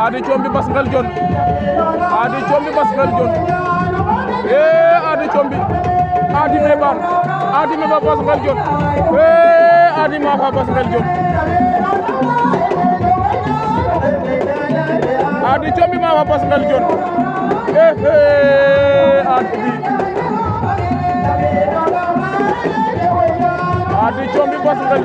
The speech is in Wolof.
Ady Thiomby Bass Nguel Dione Ady Thiomby Bass Nguel Dione eh Ady Thiomby Ady Mebar Ady Mebar Bass Nguel Dione eh Ady Mafa Bass Nguel Dione Ady Thiomby Mafa Bass Nguel Dione eh eh Ady Ady Thiomby Bass Nguel